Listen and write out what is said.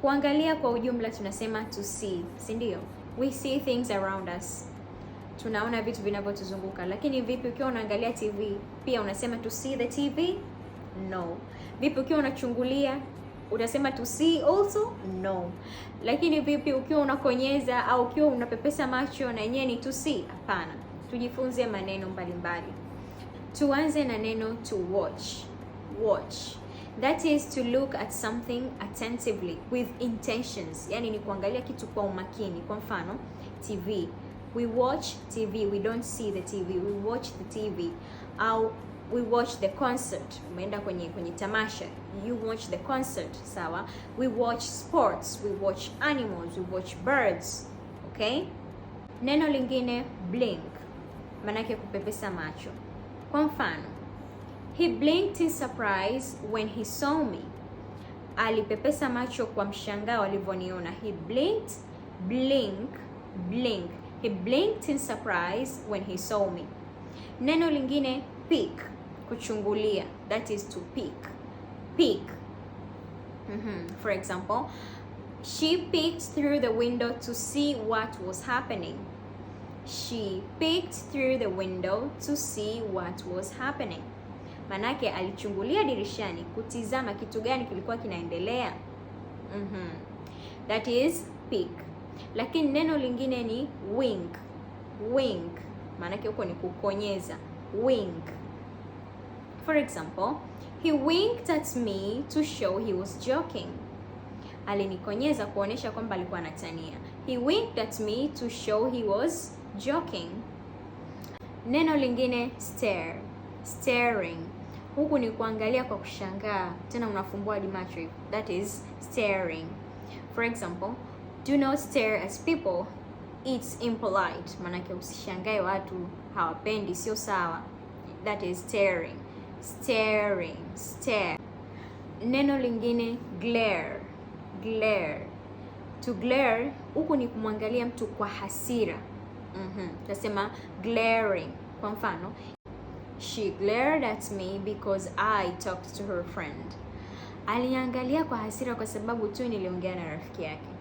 Kuangalia kwa ujumla tunasema to see, si ndio? We see things around us, tunaona vitu vinavyotuzunguka. Lakini vipi ukiwa unaangalia TV pia unasema to see the TV? No. Vipi ukiwa unachungulia utasema to see also? No. Lakini vipi ukiwa unakonyeza au ukiwa unapepesa macho na yenyewe ni to see? Hapana. Tujifunze maneno mbalimbali mbali. Tuanze na neno to watch. Watch That is to look at something attentively with intentions, yani ni kuangalia kitu kwa umakini. Kwa mfano TV, we watch TV, we don't see the TV, we watch the TV au we watch the concert. Umeenda kwenye kwenye tamasha, you watch the concert, sawa. We watch sports, we watch animals, we watch birds. Okay, neno lingine blink, maanake kupepesa macho. Kwa mfano He blinked in surprise when he saw me. Alipepesa macho kwa mshangao alivyoniona. He blinked, blink, blink. He blinked in surprise when he saw me. Neno lingine peek, kuchungulia, that is to peek. Peek. Mm -hmm. For example, she peeked through the window to see what was happening. She peeked through the window to see what was happening. manake alichungulia dirishani kutizama kitu gani kilikuwa kinaendelea. mm -hmm. That is peek, lakini neno lingine ni wink. Wink Manake huko ni kukonyeza, wink. For example, he winked at me to show he was joking. Alinikonyeza kuonyesha kwamba alikuwa anatania. He winked at me to show he was joking. Neno lingine stare, staring huku ni kuangalia kwa kushangaa, tena unafumbua hadi macho, that is staring. For example, do not stare at people, it's impolite. Maanake usishangae watu, hawapendi, sio sawa. That is staring, staring, stare. Neno lingine glare, glare. To glare huku ni kumwangalia mtu kwa hasira. Mhm, mm, tunasema glaring. Kwa mfano She glared at me because I talked to her friend. Aliangalia kwa hasira kwa sababu tu niliongea na rafiki yake.